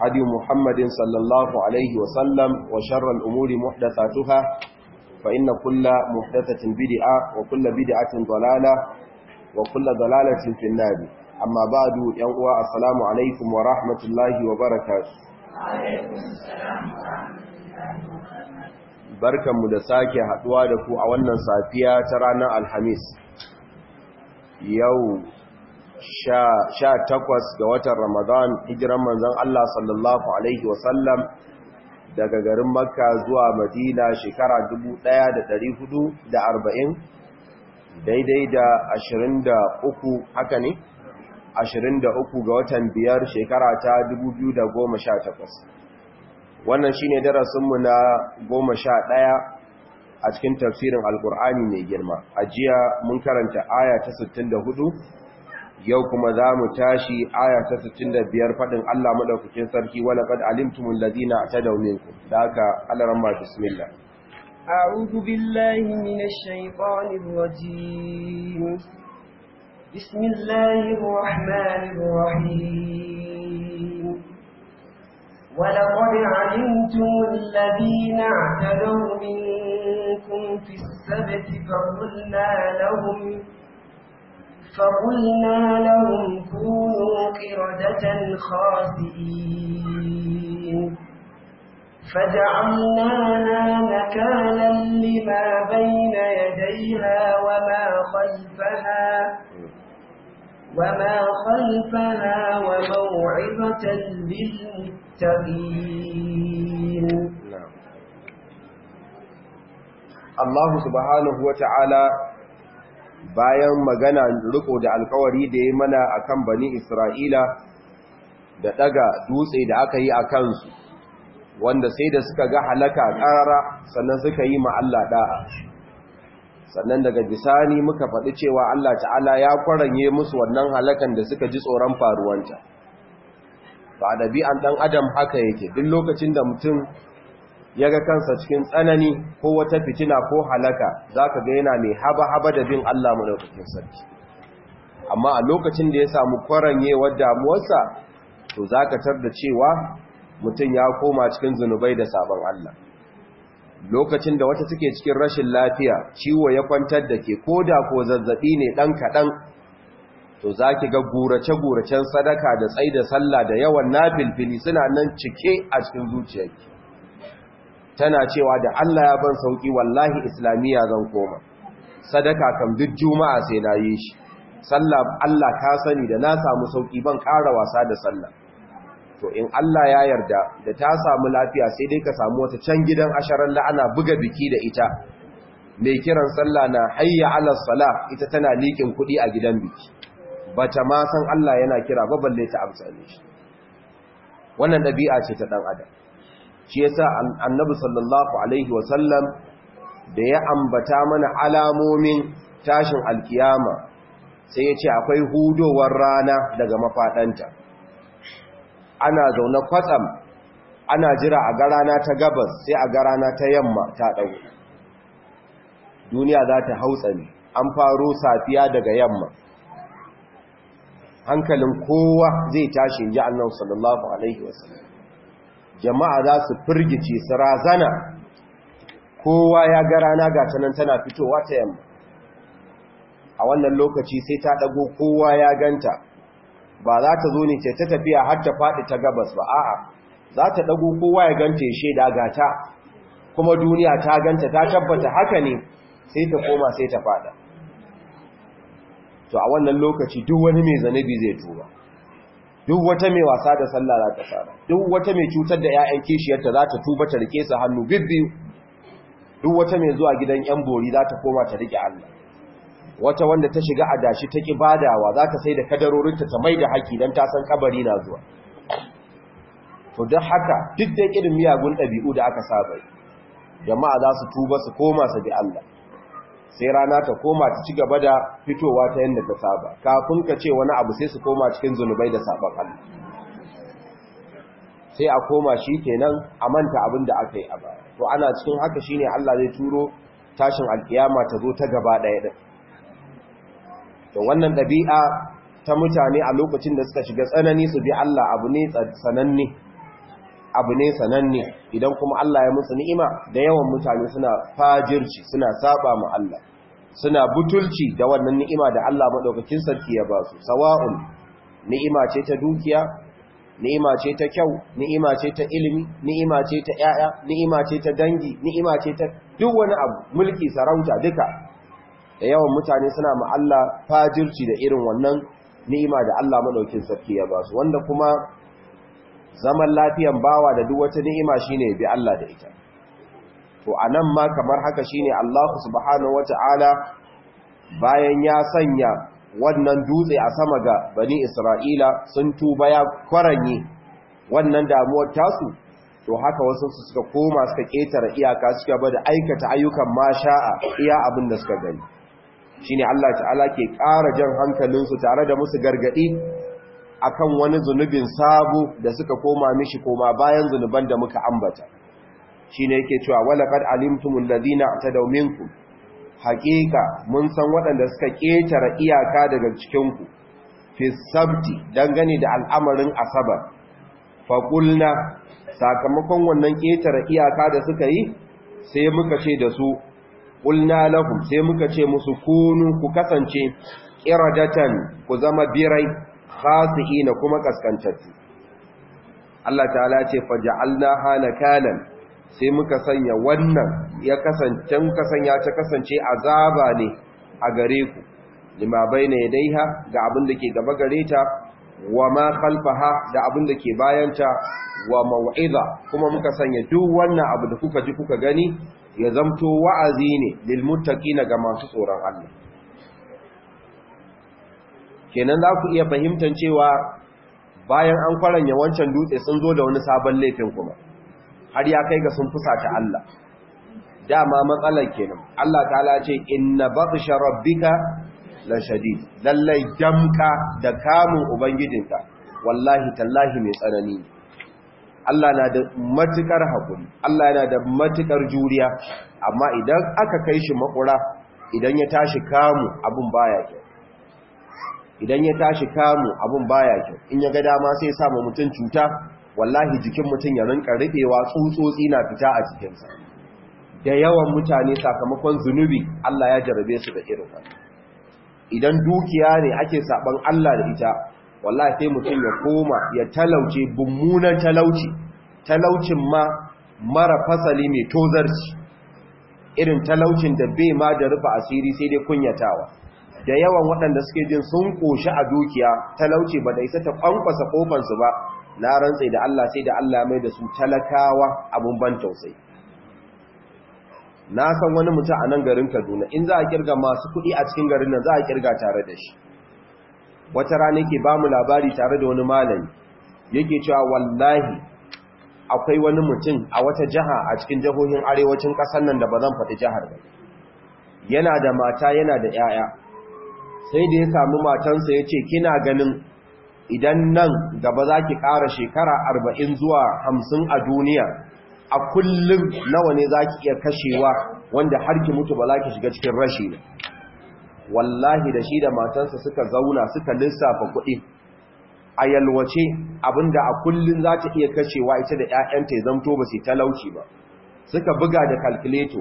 hadi Muhammadin sallallahu alaihi wa sallam wa sharral umuri muhdathatuha fa inna kulla muhdathatin bid'a wa kulla bid'atin dalala wa kulla dalalatin fi an-nar amma ba'du yan uwa assalamu alaikum wa rahmatullahi wa barakatuh barkanmu da sake haɗuwa da ku a wannan safiya ta ranar alhamis yau 18 ga watan Ramadan hijiran manzon Allah sallallahu Alaihi wasallam daga garin Makka zuwa Madina shekara 1440 daidai da 23 haka ne 23 ga watan biyar shekara ta 2018 wannan shine darasinmu na 11 a cikin tafsirin alkur'ani mai girma ajiya mun karanta aya ta 64 yau kuma za mu tashi aya ta 65 faɗin Allah maɗaukakin sarki wala qad alimtumul ladina atadaw minkum da haka alaran ma bismillah a'udhu billahi minash shaitanir rajim bismillahir rahmanir rahim wala qad alimtumul ladina atadaw minkum fis sabti fa qulna lahum فقلنا لهم كونوا قردة خاسئين فجعلناها مكانا لما بين يديها وما خلفها وما خلفها وموعظة للمتقين نعم. الله سبحانه وتعالى bayan magana riko da alkawari da ya mana akan bani Isra'ila da daga dutse da aka yi a kansu wanda sai da suka ga halaka ƙara sannan suka yi ma Allah sannan daga bisani muka faɗi cewa Allah ta'ala ya kwaranye musu wannan halakan da suka ji tsoron faruwanta ba ɗabi'an ɗan adam haka yake duk lokacin da mutum ya ga kansa cikin tsanani ko wata fitina ko halaka za ka ga yana mai haba-haba da bin Allah madaukakin sarki amma a lokacin da ya samu kwaranyewar damuwarsa to za ka tar da cewa mutum ya koma cikin zunubai da sabon Allah lokacin da wata suke cikin rashin lafiya ciwo ya kwantar da ke ko da ko zazzaɓi ne ɗan kaɗan to za ki ga gurace-guracen sadaka da tsaida sallah da yawan nafilfili suna nan cike a cikin zuciyarki tana cewa da Allah ya ban sauki wallahi islamiyya zan koma sadaka kan duk juma'a sai na yi shi sallah Allah ka sani da na samu sauki ban ƙara wasa da sallah to in Allah ya yarda da ta samu lafiya sai dai ka samu wata can gidan asharar la'ana buga biki da ita mai kiran sallah na hayya ala salah ita tana likin kuɗi a gidan biki bata ma san Allah yana kira ba balle ta amsa shi wannan ɗabi'a ce ta dan adam shi yasa annabi sallallahu alaihi wasallam da ya ambata mana alamomin tashin alkiyama sai ya ce akwai hudowar rana daga mafaɗanta ana zaune kwatsam ana jira a garana ta gabas sai a garana ta yamma ta ɗau duniya za ta hautsani an faro safiya daga yamma hankalin kowa zai tashi ji annan sallallahu alaihi wasallam jama'a za su firgice su razana kowa ya ga rana gata nan tana fitowa ta yamma a wannan lokaci sai ta dago kowa ya ganta ba za ta zo ne ce ta tafiya har ta faɗi ta gabas ba a'a za ta dago kowa ya ganta ya shaida gata kuma duniya ta ganta ta tabbata haka ne sai ta koma sai ta faɗa to a wannan lokaci duk wani mai zanabi zai tuba duk wata mai wasa da sallah za ta fara duk wata mai cutar da 'ya'yan kishiyarta za ta tuba ta rike su hannu bibbi? duk wata mai zuwa gidan 'yan bori za ta koma ta rike Allah wata wanda ta shiga adashi ta kibadawa za ta sai da kadarorinta ta mai da haki dan ta san kabari na zuwa to don haka duk da irin miyagun ɗabi'u da aka saba jama'a za su tuba su koma su bi Allah sai rana ta koma ta ci gaba da fitowa ta yadda ta saba kafin ka ce wani abu sai su koma cikin zunubai da saban Allah sai a koma shi kenan a manta abin da aka yi a baya to ana cikin haka shi ne Allah zai turo tashin alkiyama ta zo ta gaba ɗaya din to wannan ɗabi'a ta mutane a lokacin da suka shiga tsanani su bi Allah abu ne sananne abu ne sananne idan kuma Allah ya musu ni'ima da yawan mutane suna fajirci suna saba ma Allah suna butulci da wannan ni'ima da Allah madaukakin sarki ya ba su sawa'un ni'ima ce ta dukiya ni'ima ce ta kyau ni'ima ce ta ilimi ni'ima ce ta yaya ni'ima ce ta dangi ni'ima ce ta duk wani abu mulki sarauta duka da yawan mutane suna ma Allah fajirci da irin wannan ni'ima da Allah madaukakin sarki ya ba su wanda kuma zaman lafiyan bawa da duk wata ni'ima shine bi Allah da ita to anan ma kamar haka shine Allah subhanahu wataala bayan ya sanya wannan dutse a sama ga bani Isra'ila sun tuba ya kwaranye wannan damuwar tasu to haka wasu su suka koma suka ketare iyaka suka bada aikata ayyukan masha'a iya abin da suka gani shine Allah ta'ala ke ƙara jan hankalinsu tare da musu gargadi akan wani zunubin sabo da suka koma mishi koma bayan zunuban da muka ambata shi shine yake cewa walaqad alimtumul ladina atadaw minkum haqiqa mun san waɗanda suka ketara iyaka daga cikin ku fi sabti dangane da al'amarin asabar faƙulna sakamakon wannan ƙetare iyaka da suka yi sai muka ce da su ƙulna lahum sai muka ce musu kunu ku kasance ƙiradatan ku zama birai na kuma kaskantattu Allah ta'ala ce faj'alna hana kalan sai muka sanya wannan ya kasance muka sanya ta kasance azaba ne a gare ku lima baina yadaiha ga abin da ke gaba gare ta wa ma khalfaha da abin da ke bayan ta, wa mau'iza kuma muka sanya duk wannan abu da kuka ji kuka gani ya zamto wa'azi ne lil muttaqina ga masu tsoron Allah kenan za ku iya fahimtar cewa bayan an kwaranya wancan dutse sun zo da wani sabon laifin kuma har ya kai ga sun fusa ta Allah dama matsalar kenan Allah ta ala ce inna batsha rabbika la shadid lallai jamka da kamun ubangijinka wallahi tallahi mai tsanani Allah na da matukar hakuri Allah yana da matukar juriya amma idan aka kai shi makura idan ya tashi kamu abun baya ke idan ya tashi kamu abun baya kyau in ya ga dama sai ya samu mutum cuta wallahi jikin mutum ya rinka riɓewa tsutsotsi na fita a jikinsa da yawan mutane sakamakon zunubi Allah ya jarabe su da irin idan dukiya ne ake saban Allah da ita wallahi sai mutum ya koma ya talauce bummunan talauci talaucin ma mara fasali mai tozarci irin talaucin da bai ma da rufa asiri sai dai kunyatawa da yawan waɗanda suke jin sun ƙoshi a dukiya talauci ba da isa ta ƙwanƙwasa ƙofansu ba na rantse da Allah sai da Allah mai da su talakawa abun ban tausayi na san wani mutum a nan garin Kaduna in za a kirga masu kuɗi a cikin garin nan za a kirga tare da shi wata rana yake ba mu labari tare da wani malami yake cewa wallahi akwai wani mutum a wata jiha a cikin jihohin arewacin ƙasar nan da ba zan faɗi jihar ba yana da mata yana da 'ya'ya sai da ya sami matansa ya ce kina ganin idan nan gaba za ki ƙara shekara arba'in zuwa hamsin a duniya a kullum nawa ne za ki iya kashewa wanda har ki mutu ba za ki shiga cikin rashi ne wallahi da shi da matansa suka zauna suka lissafa kuɗi a yalwace abinda a kullum za ta iya kashewa ita da 'ya'yanta ya zamto ba su talauci ba suka buga da kalkuleto,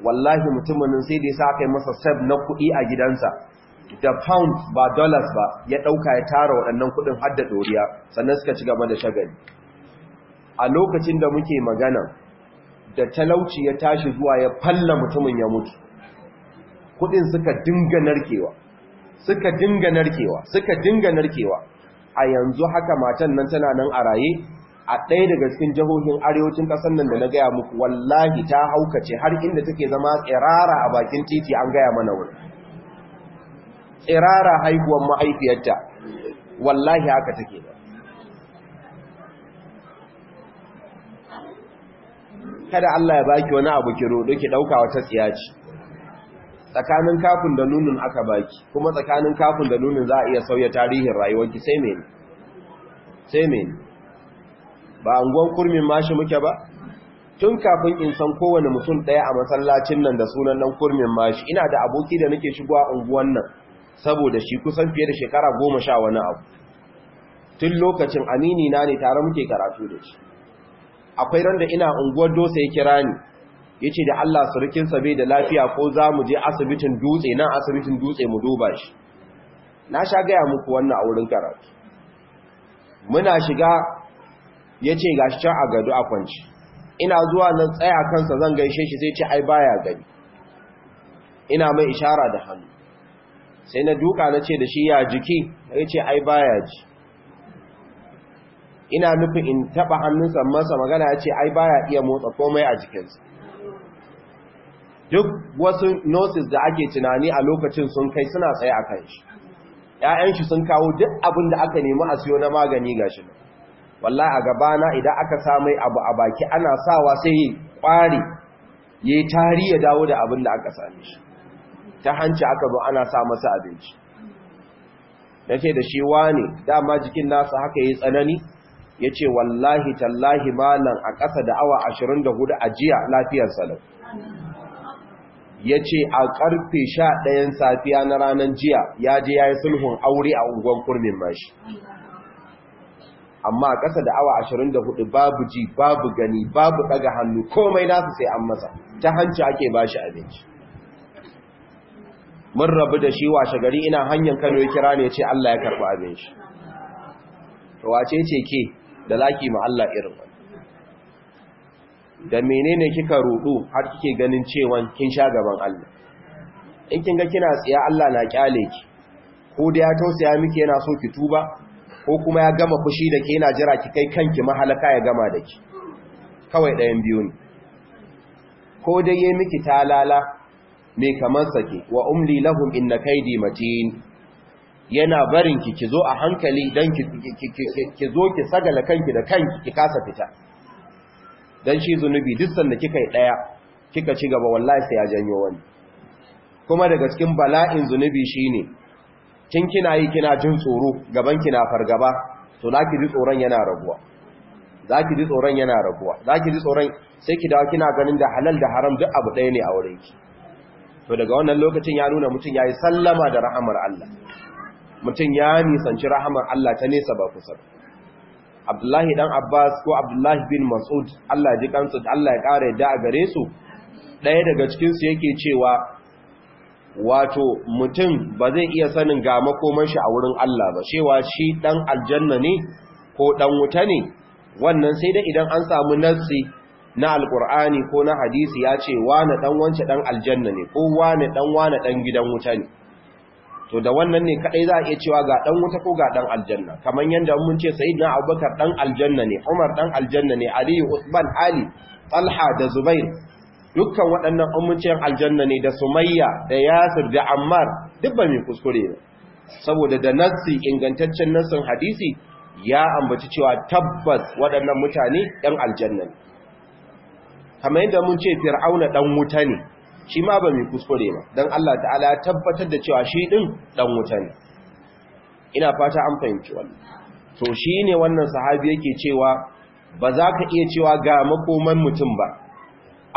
wallahi mutumin sai da ya sa kai masa sab na kuɗi a gidansa da pound ba dollars ba ya ɗauka ya tara waɗannan kuɗin hadda doriya ɗoriya sannan suka ci gaba da shagali a lokacin da muke magana da talauci ya tashi zuwa ya falla mutumin ya mutu kuɗin suka dinga narkewa suka dinga narkewa suka dinga narkewa a yanzu haka matan nan tana nan a raye a ɗaya daga cikin jihohin arewacin ƙasar nan da na gaya muku wallahi ta haukace har inda take zama tsirara a bakin titi an gaya mana wuri tsirara haihuwan mahaifiyarta wallahi haka take ba kada Allah ya baki wani abu ki rodo ki dauka wata tsiya tsakanin kafin da nunin aka baki kuma tsakanin kafin da nunin za a iya sauya tarihin rayuwarki sai mene sai mene ba anguwan kurmin mashi muke ba tun kafin in san kowane mutum daya a masallacin nan da sunan nan kurmin mashi ina da aboki da nake shigowa unguwan nan saboda shi kusan fiye da shekara goma sha wani abu tun lokacin amini na ne tare muke karatu da shi akwai randa ina unguwar dosa ya kira ni ya ce da Allah surukinsa bai da lafiya ko za mu je asibitin dutse nan asibitin dutse mu duba shi na sha gaya muku wannan a wurin karatu muna shiga ya ce ga can a gado a kwanci ina zuwa na tsaya kansa zan gaishe shi sai ce ai baya gani. ina mai ishara da hannu sai na duka na ce da shi ya jiki ya ce ai baya ji ina nufin in taɓa hannunsa masa magana ya ce ai baya iya motsa komai a jikinsa duk wasu nosis da ake tunani a lokacin sun kai suna tsaye a kan shi ‘ya'yan shi sun kawo duk abin da aka nemi a siyo na magani ga shi walla a gabana idan aka samai abu a baki ana sawa sai yi ƙwari ya yi tari ya dawo da abin da aka same shi ta hanci aka zo ana sa masa abinci na ce da shi wani dama jikin nasa haka yi tsanani ya ce wallahi tallahi malam a ƙasa da awa 24 a jiya lafiyar salam ya ce a ƙarfe 11 safiya na ranar jiya ya je ya yi sulhun aure a unguwan kurmin mashi amma a ƙasa da awa 24 babu ji babu gani babu ɗaga hannu komai nasu sai an masa ta hanci ake ba shi abinci mun rabu da shi washe gari ina hanyar Kano ya kira ne ya ce Allah ya karba abin shi to wace ce ke da laki ma Allah irin wani da menene kika rudu har kike ganin cewa kin sha gaban Allah in kin ga kina tsiya Allah na kyale ki ko da ya tausaya miki yana so ki tuba ko kuma ya gama fushi da ke yana jira ki kai kanki mahalaka ya gama da ki kawai ɗayan biyu ne ko dai yayi miki talala mai kamar sake wa umli lahum inna kaidi matin yana barin ki kizo zo a hankali dan ki kizo ki sagala kanki da kanki ki kasa fita dan shi zunubi duk sanda kika yi daya kika ci gaba wallahi sai ya janyo wani kuma daga cikin bala'in zunubi shine kin kina yi kina jin tsoro gaban kina fargaba to laki ji tsoron yana raguwa zaki ji tsoron yana raguwa zaki ji tsoron sai ki dawo kina ganin da halal da haram duk abu ɗaya ne a wurinki ki to daga wannan lokacin ya nuna mutum ya yi sallama da rahamar Allah mutum ya nisanci rahamar Allah ta nesa ba kusa Abdullahi dan Abbas ko Abdullahi bin Mas'ud Allah ji kansu Allah ya kare da a gare su ɗaya daga cikinsu su yake cewa wato mutum ba zai iya sanin ga makoman shi a wurin Allah ba cewa shi dan aljanna ne ko dan wuta ne wannan sai dai idan an samu nasi. na alkur'ani ko na hadisi ya ce wane dan wance dan aljanna ne ko wane dan wane dan gidan wuta ne to da wannan ne kadai za a iya cewa ga dan wuta ko ga dan aljanna kamar yanda mun ce sayyidina abubakar dan aljanna ne umar dan aljanna ne ali usman ali talha da zubair dukkan waɗannan ummucin aljanna ne da sumayya da yasir da ammar duk ba mai kuskure ne saboda da nassi ingantaccen nassin hadisi ya ambaci cewa tabbas waɗannan mutane ɗan aljanna ne kamar yadda mun ce fir'auna ɗan wuta ne shi ma ba mai kuskure ba don Allah ta'ala ya tabbatar da cewa shi din dan wuta ne ina fata an fahimci wani. to shi ne wannan sahabi yake cewa ba za ka iya cewa ga makoman mutum ba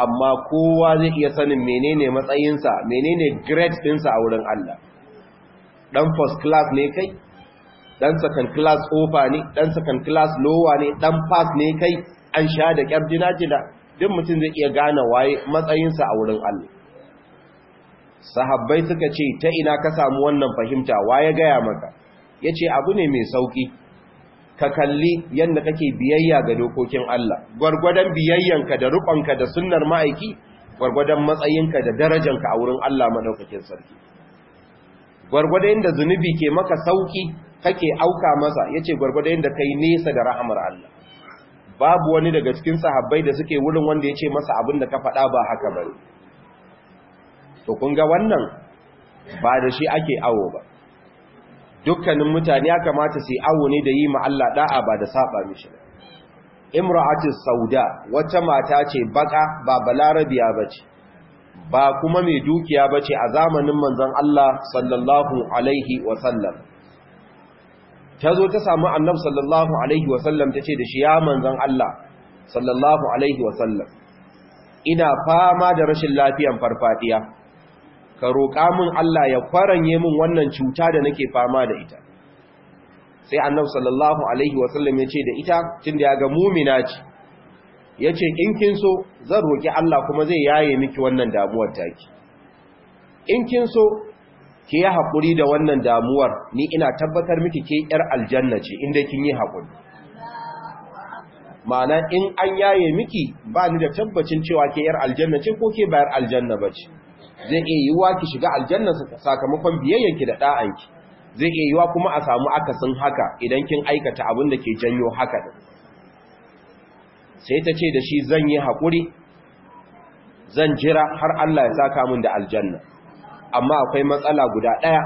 amma kowa zai iya sanin menene matsayinsa menene great dinsa a wurin Allah dan first class ne kai dan second class ofa ne dan second class lower ne dan pass ne kai an sha da kyar jina jina duk mutum zai iya gane waye matsayinsa a wurin Allah sahabbai suka ce ta ina ka samu wannan fahimta waye gaya maka yace abu ne mai sauki ka kalli yanda kake biyayya ga dokokin Allah gwargwadon biyayyanka da rubanka da sunnar ma'aiki gurgurdan matsayinka da darajanka a wurin Allah madaukakin sarki gurgurda da zunubi ke maka sauki kake auka masa yace gurgurda da kai nesa da rahmar Allah babu wani daga cikin sahabbai da suke wurin wanda ya ce masa abin da ka faɗa ba haka ba to kun ga wannan ba da shi ake awo ba dukkanin mutane ya kamata su awo ne da yi ma Allah da'a ba da saba mishi imra'atu sauda wata mata ce baka ba balarabiya ba ce, ba kuma mai dukiya bace a zamanin manzon Allah sallallahu alaihi wa ta zo ta samu annabi sallallahu alaihi wasallam ta ce da shi ya manzan Allah sallallahu alaihi wasallam ina fama da rashin lafiyan farfadiya ka roƙa min Allah ya kwaranye min wannan cuta da nake fama da ita sai annabi sallallahu alaihi wasallam ya ce da ita tunda ya ga mumina ce ya ce in kin so zan roƙi Allah kuma zai yaye miki wannan damuwar taki in kin so ke yi haƙuri da wannan damuwar ni ina tabbatar miki ke ‘yar aljanna ce inda kin yi haƙuri ma'ana in an yaye miki ba ni da tabbacin cewa ke ‘yar aljanna ce ko ke bayar aljanna ba ce zai iya yiwuwa ki shiga aljanna sakamakon biyayyanki da ɗa'anki zai iya yiwuwa kuma a samu akasin haka idan kin aikata abin da ke janyo haka ɗin sai ta ce da shi zan yi haƙuri zan jira har Allah ya saka min da aljanna amma akwai matsala guda ɗaya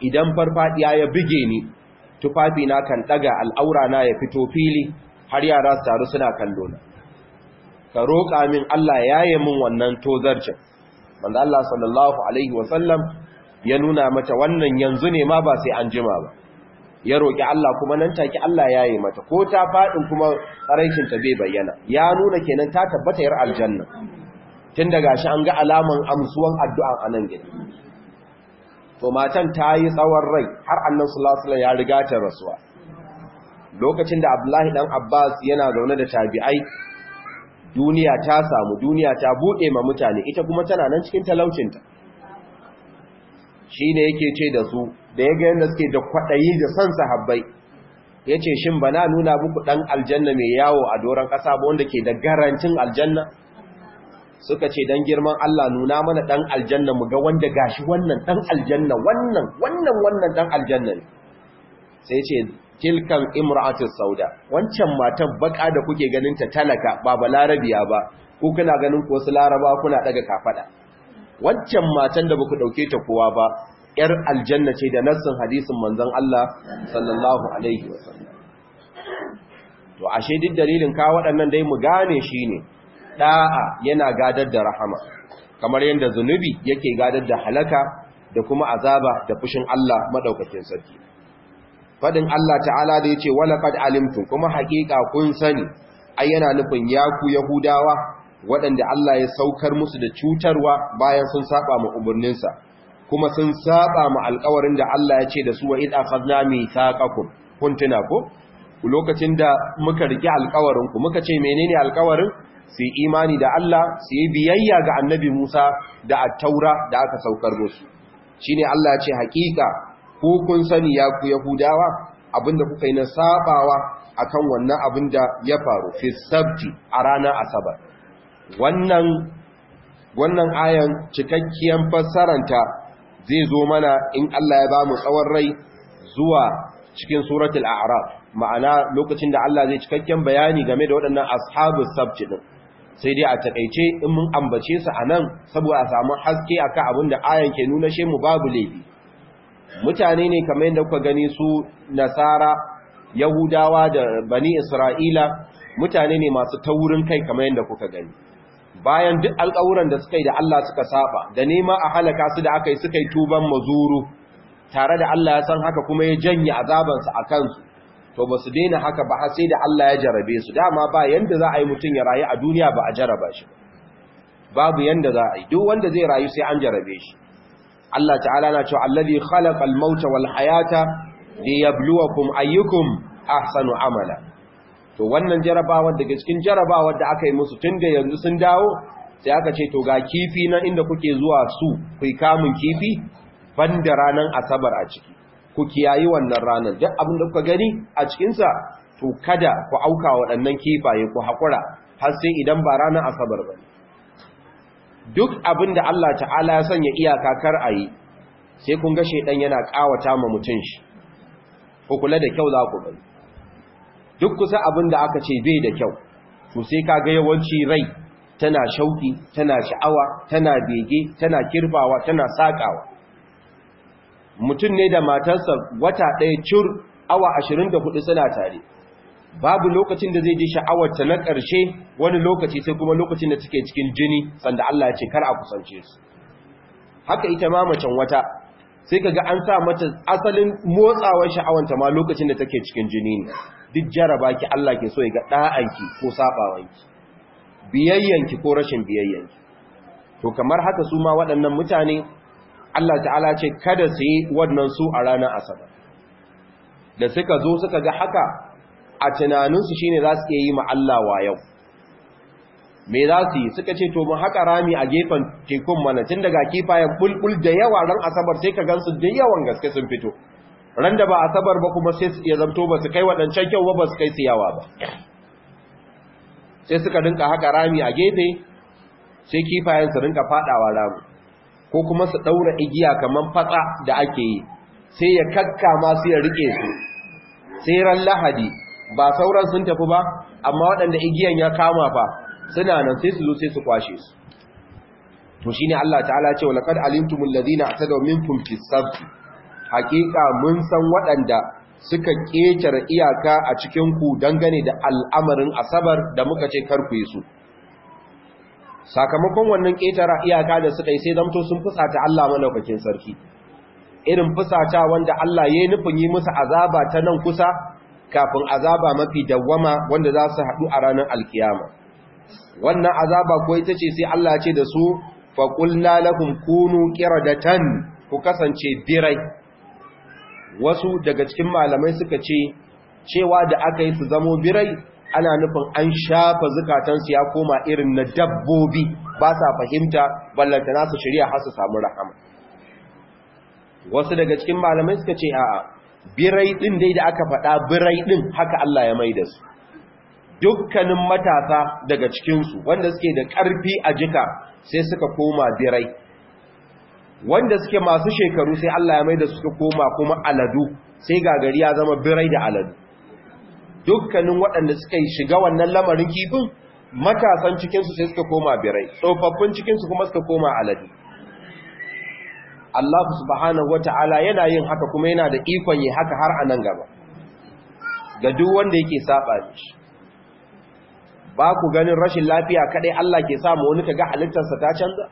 idan farfadiya ya buge ni tufafi na kan ɗaga al'aura na ya fito fili har yara su taru suna kallo na ka roƙa min Allah ya yi min wannan tozarcin manzo Allah sallallahu alaihi wasallam ya nuna mata wannan yanzu ne ma ba sai an jima ba ya roƙi Allah kuma nan take Allah ya yi mata ko ta faɗin kuma ta bai bayyana ya nuna kenan ta tabbatar aljanna tun da gashi an ga alaman amsuwan addu'an a nan gida to matan ta yi tsawon rai har annan sulasula ya riga ta rasuwa lokacin da abdullahi dan abbas yana zaune da tabi'ai duniya ta samu duniya ta buɗe ma mutane ita kuma tana nan cikin talaucinta shi ne yake ce da su da ya ga yadda suke da kwaɗayi da son sahabbai ya ce shin ba na nuna muku ɗan aljanna mai yawo a doron ƙasa ba wanda ke da garancin aljanna suka ce dan girman Allah nuna mana dan aljanna mu ga wanda gashi wannan dan aljanna wannan wannan wannan dan aljanna ne sai ce tilkan imra'atu sauda wancan matan baka da kuke ganin ta talaka ba balarabiya ba ku kuna ganin ko su laraba kuna daga kafada wancan matan da baku dauke ta kowa ba yar aljanna ce da nassin hadisin manzon Allah sallallahu alaihi wasallam to ashe duk dalilin ka waɗannan dai mu gane shine da'a yana gadar da rahama kamar yadda zunubi yake gadar da halaka da kuma azaba da fushin Allah madaukakin sarki fadin Allah ta'ala da yace wala qad alimtum kuma haƙiƙa kun sani ai yana nufin yaku yahudawa waɗanda Allah ya saukar musu da cutarwa bayan sun saba mu umarninsa kuma sun saba mu alƙawarin da Allah ya ce da su wa id akhadna mithaqakum kun tuna ko lokacin da muka rike alƙawarin ku muka ce menene alƙawarin su yi imani da Allah su yi biyayya ga annabi Musa da attaura da aka saukar musu shi ne Allah ce hakika ko kun sani ya ku yahudawa abinda kuka yi na sabawa kan wannan abin da ya faru fi sabti a ranar asabar wannan wannan ayan cikakkiyar fassaranta zai zo mana in Allah ya ba mu tsawon rai zuwa cikin suratul a'raf ma'ana lokacin da Allah zai cikakken bayani game da waɗannan ashabus sabti din sai dai a takaice in mun ambace su a nan saboda a samu haske akan abin da ayan ke nuna shemu babu laifi mutane ne kamar yadda kuka gani su nasara yahudawa da bani isra'ila mutane ne masu taurin kai kamar yadda kuka gani bayan duk alƙawuran da suka yi da Allah suka saba da nema a halaka su da aka yi suka yi tuban mazuru tare da Allah ya san haka kuma ya janye azabansa a kansu to ba su daina haka ba sai da Allah ya jarabe su dama ba yanda za a yi mutum ya rayu a duniya ba a jaraba shi babu yanda za a yi duk wanda zai rayu sai an jarabe shi Allah ta'ala na cewa allazi khalaqal mauta wal hayata liyabluwakum ayyukum ahsanu amala to wannan jarabawar daga cikin jarabawar da aka yi musu tun da yanzu sun dawo sai aka ce to ga kifi nan inda kuke zuwa su ku kamun kifi banda ranan asabar a ciki ku kiyayi wannan ranar duk abin da kuka gani a cikinsa to kada ku auka waɗannan kifaye ku haƙura har sai idan ba ranar asabar ba duk abin da Allah ta'ala ya sanya iyaka kar a yi sai kun ga shaidan yana ƙawata ma mutum shi ku kula da kyau za ku bari duk kusa abin da aka ce bai da kyau to sai ka ga yawanci rai tana shauki tana sha'awa tana bege tana kirbawa tana sakawa mutum ne da matarsa wata ɗaya cur awa ashirin da hudu suna tare babu lokacin da zai ji sha'awarta na ƙarshe wani lokaci sai kuma lokacin da suke cikin jini sanda Allah ya ce kar a kusance su haka ita ma macen wata sai kaga an sa mata asalin motsawar ta ma lokacin da take cikin jini ne duk jaraba ki Allah ke so ya ga da'anki ko sabawanki biyayyanki ko rashin biyayyanki to kamar haka su ma waɗannan mutane Allah ta'ala ce kada su yi wannan su a ranar asabar da suka zo suka ga haka a tunaninsu shine za su iya yi ma Allah yau. me za su yi suka ce to mu haka rami a gefen tekun mana tun daga kifayen bulbul da yawa ran asabar sai ka gansu da yawan gaske sun fito ran da ba asabar ba kuma sai su iya zamto ba su kai waɗancan kyau ba ba su kai su yawa ba sai suka rinka haka rami a gefe sai kifayen su rinka faɗawa ramu ko kuma su ɗaura igiya kamar fatsa da ake yi sai ya kakkama su ya riƙe su sai ran lahadi ba sauran sun tafi ba amma waɗanda igiyan ya kama fa suna nan sai su zo sai su kwashe su to shine Allah ta'ala ce walaqad alimtumul ladina atadaw minkum fis sabt haqiqa mun san waɗanda suka ƙetare iyaka a cikin ku dangane da al'amarin asabar da muka ce karku yi su sakamakon wannan ƙetara iyaka da suka yi sai zamto sun fusata Allah malaukakin sarki irin fusata wanda Allah ya yi nufin yi musu azaba ta nan kusa kafin azaba mafi dawwama wanda za su haɗu a ranar alkiyama wannan azaba ko ita ce sai Allah ce da su faƙul lalakun kunu tan ku kasance birai wasu daga cikin malamai suka ce cewa da aka yi su zamo birai ana nufin an shafa zukatansu ya koma irin na dabbobi ba sa fahimta ballanta nasu shirya har su samu rahama wasu daga cikin malamai suka ce a birai din dai da aka faɗa birai din haka Allah ya da su dukkanin matasa daga cikinsu wanda suke da ƙarfi a jika sai suka koma birai wanda suke masu shekaru sai Allah ya mai da suka koma kuma aladu sai gagari ya zama birai da aladu dukkanin waɗanda suka yi shiga wannan lamarin kifin matasan cikinsu sai suka koma birai tsofaffin cikinsu kuma suka koma alade Allah subhanahu wata'ala yana yin haka kuma yana da ikon yi haka har a nan gaba ga duk wanda yake saba shi ba ku ganin rashin lafiya kadai Allah ke samu wani kaga halittarsa ta canza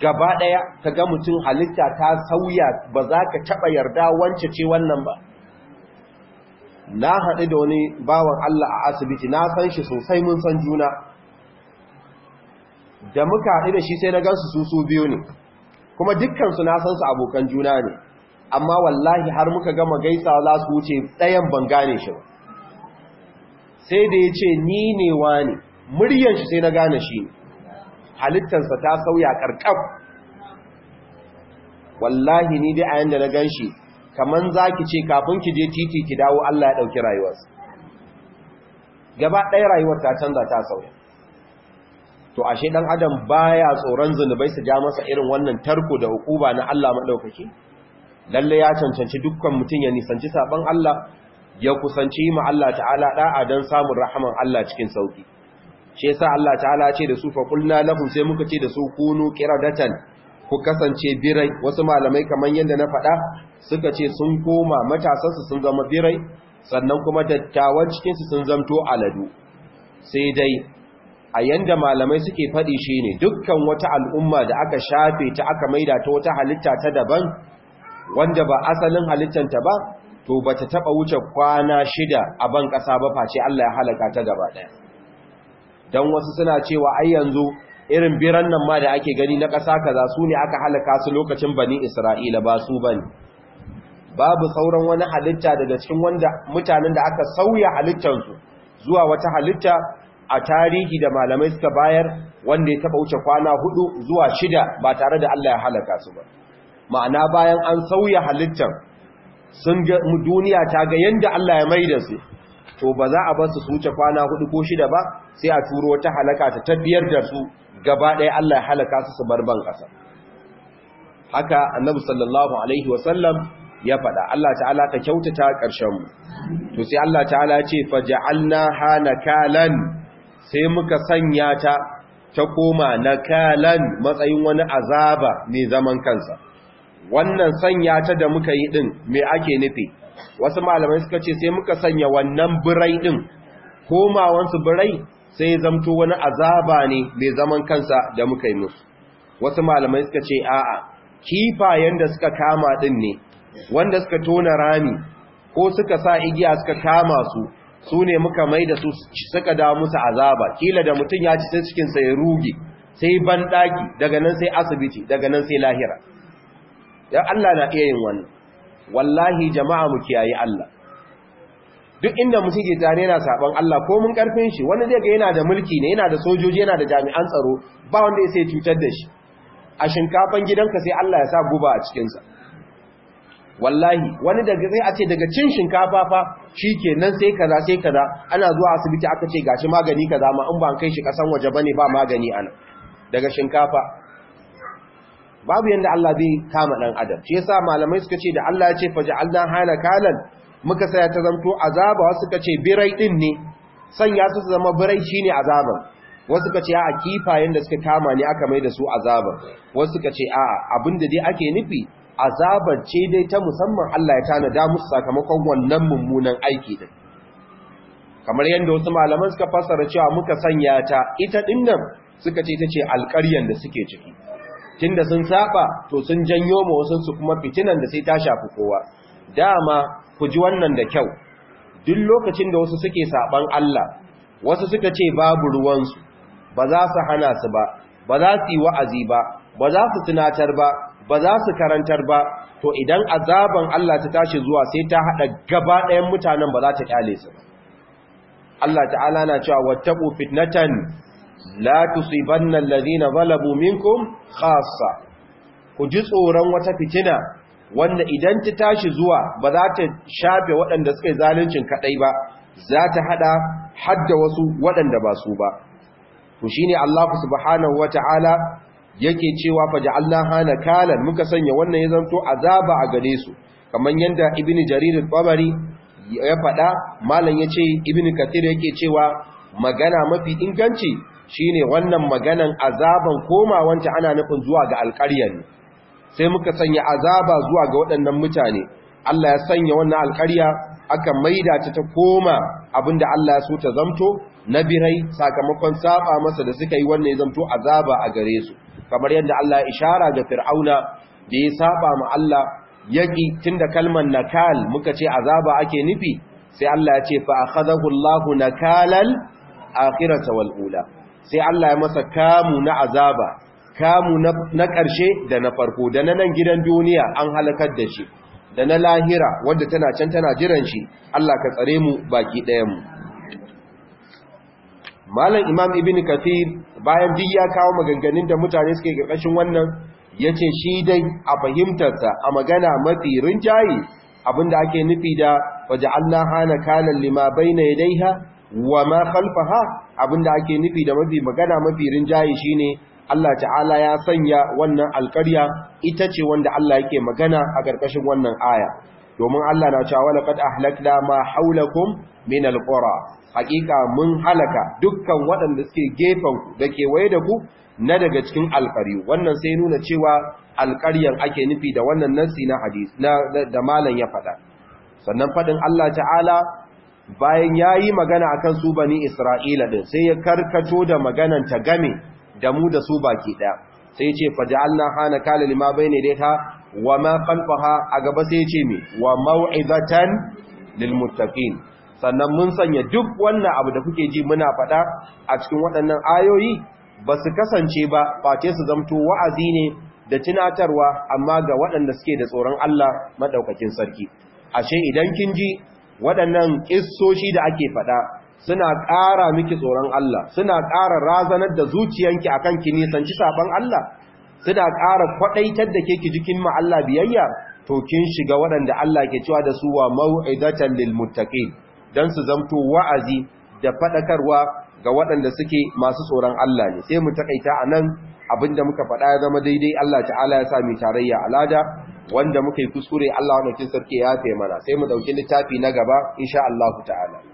gaba daya ga mutum halitta ta sauya ba za ka taba yarda wance ce wannan ba na haɗu da wani bawan Allah a asibiti na san shi sosai mun san juna da muka haɗu da shi sai na gansu su su biyu ne kuma dukkansu na san su abokan juna ne amma wallahi har muka gama gaisa za su wuce ɗayan ban gane shi ba sai da ya ce ni ne wa ne muryan shi sai na gane shi halittarsa ta sauya ƙarƙar. wallahi ni dai a yanda na gan shi kaman ki ce kafin ki je titi ki dawo Allah ya ɗauki rayuwarsa gaba ɗaya rayuwar ta canza ta sauya to ashe ɗan adam baya tsoron zunubai su ja masa irin wannan tarko da hukuba na Allah maɗaukaki lalle ya cancanci dukkan mutum ya nisanci sabon Allah ya kusanci ma Allah ta'ala da'a don samun rahaman Allah cikin sauki shi yasa Allah ta'ala ce da su fa na lahum sai muka ce da su kunu qiradatan ku kasance birai wasu malamai kamar yadda na faɗa suka ce sun koma matasansu sun zama birai sannan kuma dattawan cikinsu sun zamto aladu sai dai a yanda malamai suke faɗi shi ne dukkan wata al'umma da aka shafe ta aka maida ta wata halitta ta daban wanda ba asalin halittanta ba to ba ta taɓa wuce kwana shida a ban ƙasa ba face Allah ya halaka ta gaba ɗaya don wasu suna cewa ai yanzu irin biran nan ma da ake gani na ƙasa kaza su ne aka halaka su lokacin bani isra'ila ba su bane babu sauran wani halitta daga cikin wanda mutanen da aka sauya halittansu zuwa wata halitta a tarihi da malamai suka bayar wanda ya taba wuce kwana hudu zuwa shida ba tare da Allah ya halaka su ba ma'ana bayan an sauya halittan sun ga duniya ta ga yanda Allah ya maida su to ba za a basu su wuce kwana hudu ko shida ba sai a turo wata halaka ta tabbiyar da su gaba ɗaya Allah ya halaka su su bar ban ƙasa haka annabi sallallahu alaihi wasallam ya faɗa Allah ta'ala ka kyautata ƙarshen mu to sai Allah ta'ala ce faj'alna hanakalan sai muka sanya ta ta koma nakalan matsayin wani azaba mai zaman kansa wannan sanya ta da muka yi din me ake nufi wasu malamai suka ce sai muka sanya wannan birai din komawansu birai sai zamto wani azaba ne mai zaman kansa da muka yi musu wasu malamai suka ce a'a kifayen da suka kama din ne wanda suka tona rami ko suka sa igiya suka kama su su ne muka mai da su suka da musu azaba kila da mutum ya ci sai cikin sai rugi sai banɗaki daga nan sai asibiti daga nan sai lahira ya Allah na iya yin wannan wallahi jama'a mu kiyaye Allah duk inda mutum ke tare yana saban Allah ko mun karfin shi wani zai ga yana da mulki ne yana da sojoji yana da jami'an tsaro ba wanda ya sai cutar da shi a shinkafan gidanka sai Allah ya sa guba a cikinsa wallahi wani daga sai a ce daga cin shinkafa fa shikenan sai kaza sai kaza ana zuwa asibiti aka ce gashi magani kaza ma in ba an kai shi kasan waje bane ba magani ana daga shinkafa babu yanda Allah zai kama dan adam shi yasa malamai suka ce da Allah ya ce faj'alna kalan muka saya ta zamto azaba wasu suka ce birai din ne sanya su zama birai shine azaban wasu suka ce a kifayen da suka kama ne aka mai da su azaban. wasu suka ce a abinda dai ake nufi azabar ce dai ta musamman Allah ya tanada musu sakamakon wannan mummunan aiki din kamar yadda wasu malaman suka fasara cewa muka sanya ta ita din nan suka ce ta ce alƙaryan da suke ciki tunda sun saba to sun janyo ma wasu su kuma fitinan da sai ta shafi kowa dama ku ji wannan da kyau duk lokacin da wasu suke saban Allah wasu suka ce babu ruwansu ba za su hana su ba ba za su yi wa'azi ba ba za su tunatar ba ba za su karantar ba to idan azaban Allah ta tashi zuwa sai ta hada gaba ɗayan mutanen ba za ta kyale su Allah ta'ala na cewa wattaqu fitnatan la tusibanna alladhina zalabu minkum khassa ku ji tsoron wata fitina wanda idan ta tashi zuwa ba za ta shafe waɗanda suka yi zaluncin kadai ba za ta hada hadda wasu waɗanda ba su ba to shine Allah subhanahu wataala yake cewa hana nakalan muka sanya wannan ya zanto azaba a gare su kamar yanda ibnu jarir al-tabari ya faɗa malam yace ibnu kathir yake cewa magana mafi inganci shine wannan maganan azaban wanda ana nufin zuwa ga alƙarya ne sai muka sanya azaba zuwa ga waɗannan mutane Allah ya sanya wannan alƙarya aka maida ta ta koma abinda Allah ya so ta zamto na birai sakamakon saba masa da suka yi wannan ya zanto azaba a gare su kamar yadda Allah ya ishara ga fir'auna da ya saba ma Allah yaki tunda kalmar nakal muka ce azaba ake nufi sai Allah ya ce fa akhadahu Allahu nakalal akhirata wal ula sai Allah ya masa kamu na azaba kamu na ƙarshe da na farko da na nan gidan duniya an halakar da shi da na lahira wadda tana can tana jiran shi Allah ka tsare mu baki ɗayan mu malam imam ibnu kathir bayan duk ya kawo maganganun da mutane suke ƙarƙashin wannan ya ce shi dai a fahimtarsa a magana mafi rinjaye abinda ake nufi da waje Allah hana kanan lima bai na ha, wa ma ha abinda ake nufi da mafi magana mafi rinjaye shi ne, Allah ta'ala ya sanya wannan alƙarya ita ce wanda Allah yake magana a ƙarƙashin wannan aya domin Allah na cewa laqad ahlakna ma haulakum min alqura haqiqa mun halaka dukkan waɗanda suke gefen ku dake waye da ku na daga cikin alqari wannan sai nuna cewa alqaryan ake nufi da wannan nasi na hadisi na da malan ya faɗa sannan faɗin Allah ta'ala bayan yayi magana akan su bani Isra'ila din sai ya karkato da maganan ta game da mu da su baki daya sai ya ce faja'alna hana kala lima bayne dai ta wa ma kalfaha a gaba sai ce me wa mau'izatan lilmuttaqin sannan mun sanya duk wannan abu da kuke ji muna faɗa a cikin waɗannan ayoyi ba su kasance ba face su zamto wa'azi ne da tunatarwa amma ga waɗanda suke da tsoron Allah madaukakin sarki ashe idan kin ji waɗannan kissoshi da ake faɗa suna ƙara miki tsoron Allah suna ƙara razanar da zuciyanki akan ki nisanci saban Allah suna ƙara kwaɗaitar da ke ki jikin ma’alla Allah biyayya to kin shiga waɗanda Allah ke cewa da su wa ma’u’idatan lilmuttaƙi don su zamto wa'azi da faɗakarwa ga waɗanda suke masu tsoron Allah ne sai mu taƙaita takaita nan abinda muka faɗa ya zama daidai Allah ta'ala ya sa mai tarayya alada wanda muka yi kuskure Allah kin sarki ya yafe mana sai mu ɗauki littafi na gaba in sha Allah ta'ala